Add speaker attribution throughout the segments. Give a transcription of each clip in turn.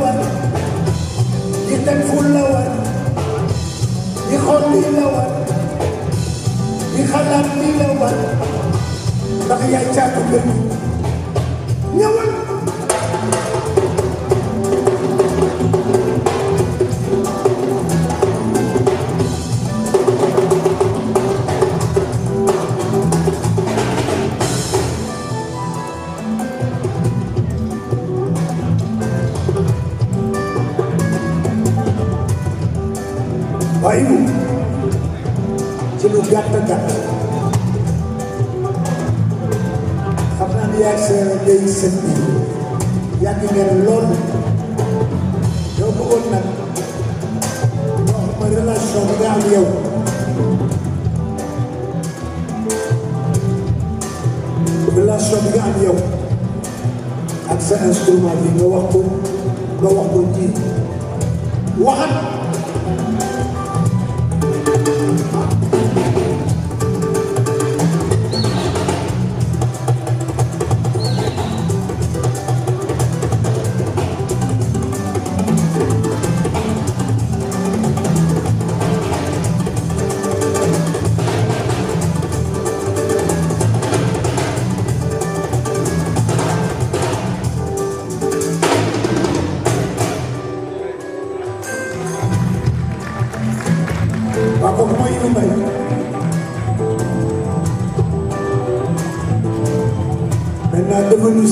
Speaker 1: war di teg ful la war di xool lii la war di xalaat lii la war ndax yaay caatu gën ñëwal yàgg ngeen lool yow bëggoon nag wax ma relation bi nga am yow relation bi nga am yow ak sa instrument bi nga wax ko nga wax ko kii waxat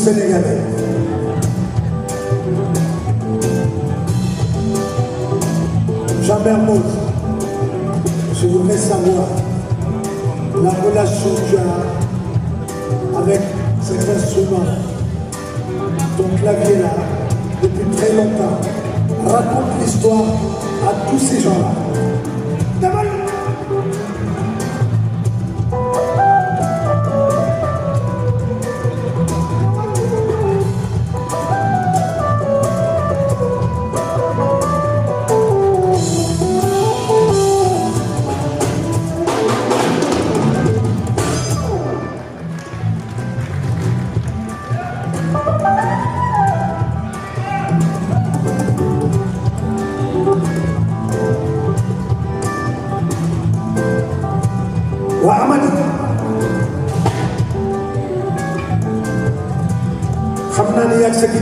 Speaker 1: Sénégalais. jean je je voudrais savoir la relation que tu as avec cet instrument, ton clavier là, depuis très longtemps. Raconte l'histoire à tous ces gens-là.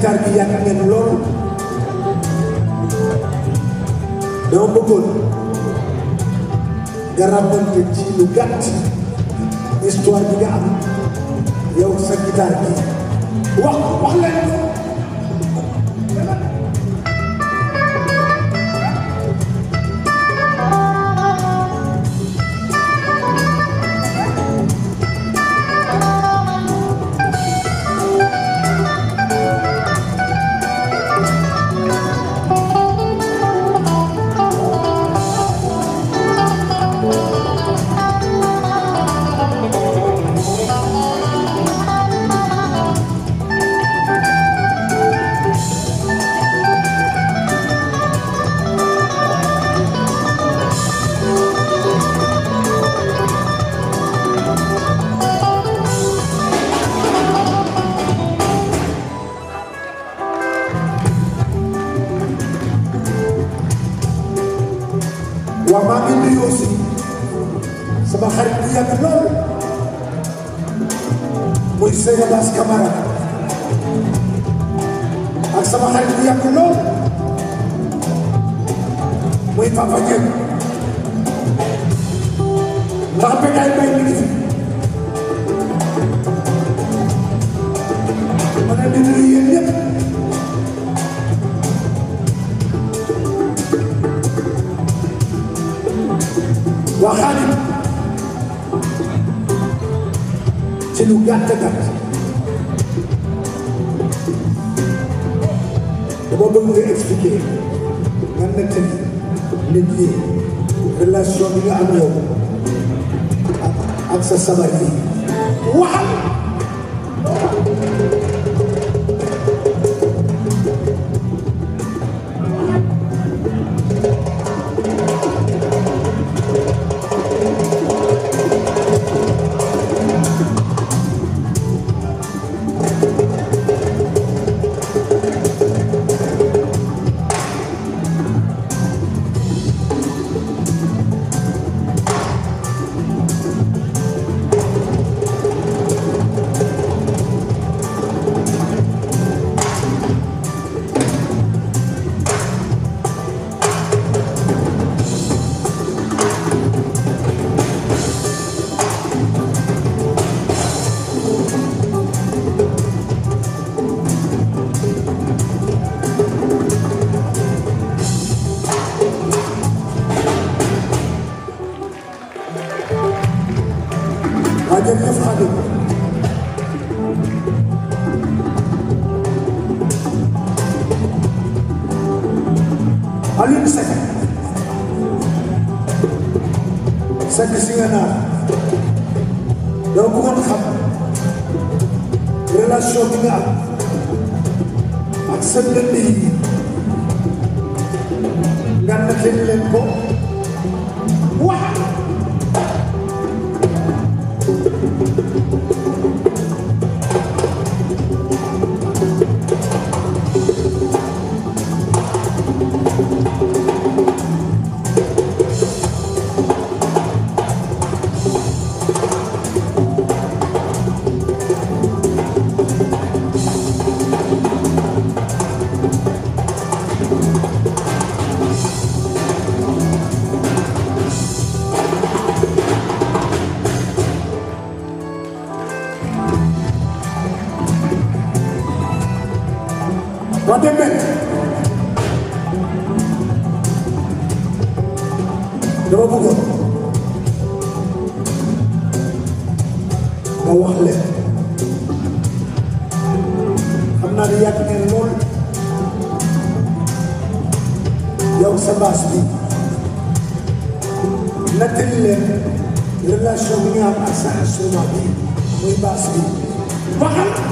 Speaker 1: ñaar bi yàgg ngeen lool dama bëggoon nga rabante ci lu gàtt histoire bi nga am yow sa guitare bi wax wax leen flor. Moisés a las cámaras. Hasta bajar el con Muy Va a pegar el baile. got to dama expliquer nga nettali nit ñi relation bi nga am yow sa sabar yi waa jërëjëf Xadi Alioune Seck Seck si nga naan yow bëggoon xam relation bi nga am ak seen lënd yi nga nekk leen What they meant. dama bëggoon ma wax leen xam naa ne yàgg ngeen lool yow sa baas bi nattali leen relation bi nga am ak sa instrument bi muy baas bi waxal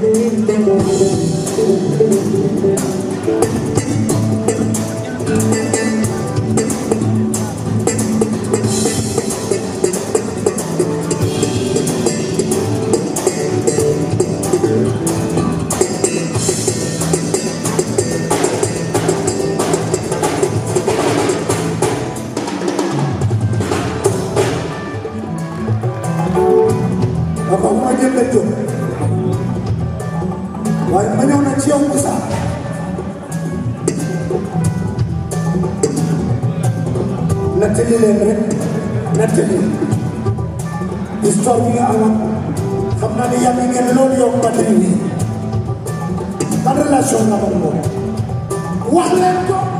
Speaker 1: Thank you. yomb sax nattali leen rek nattali histoire bi nga amoon xam naa ne yàgg ngeen loolu yomb ba tey nii ban relation nga amoon moom wax leen ko